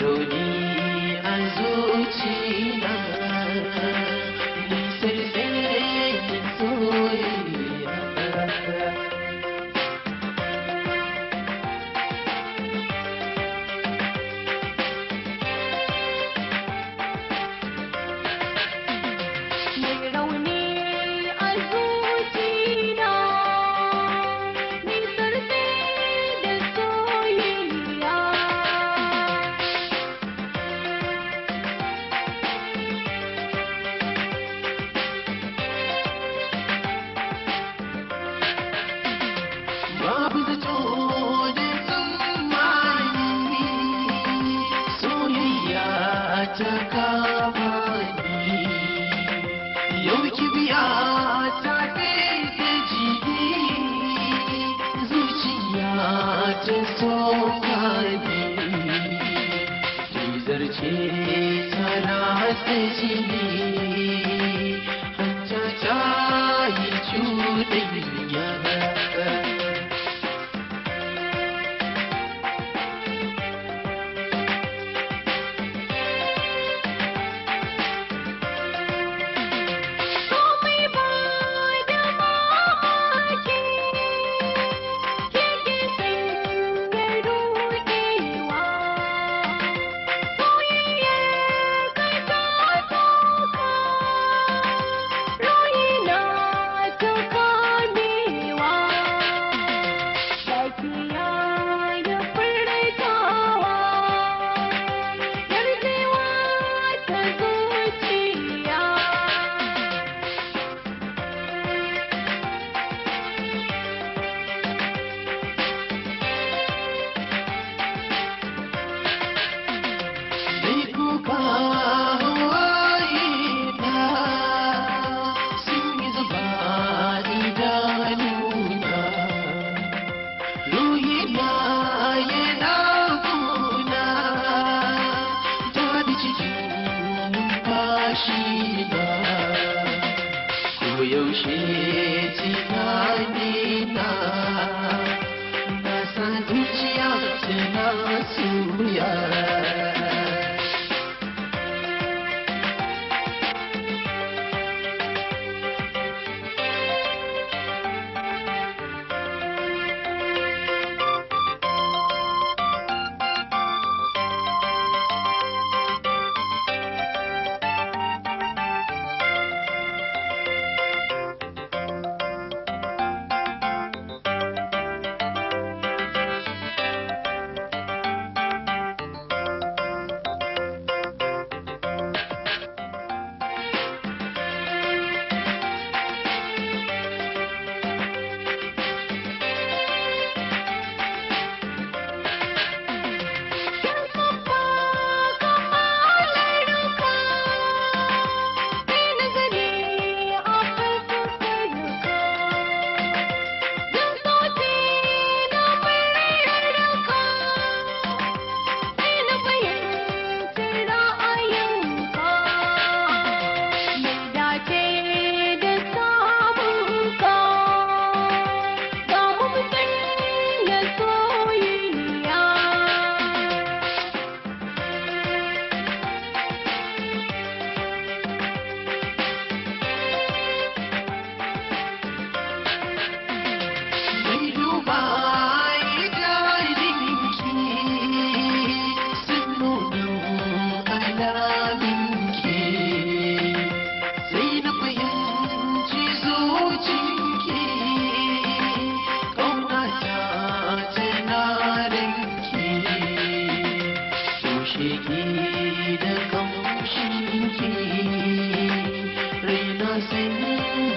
You. अच्छा चूट गई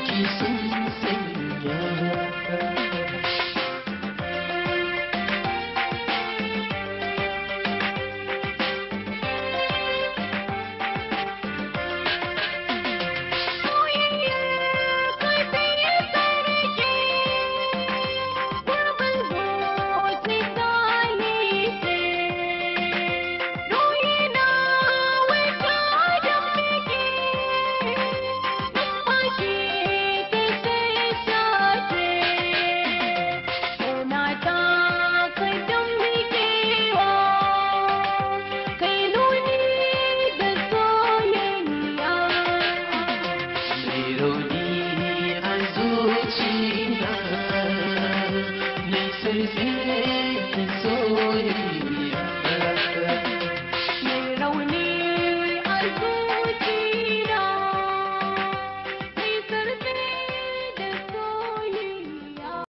Thank you, Susie.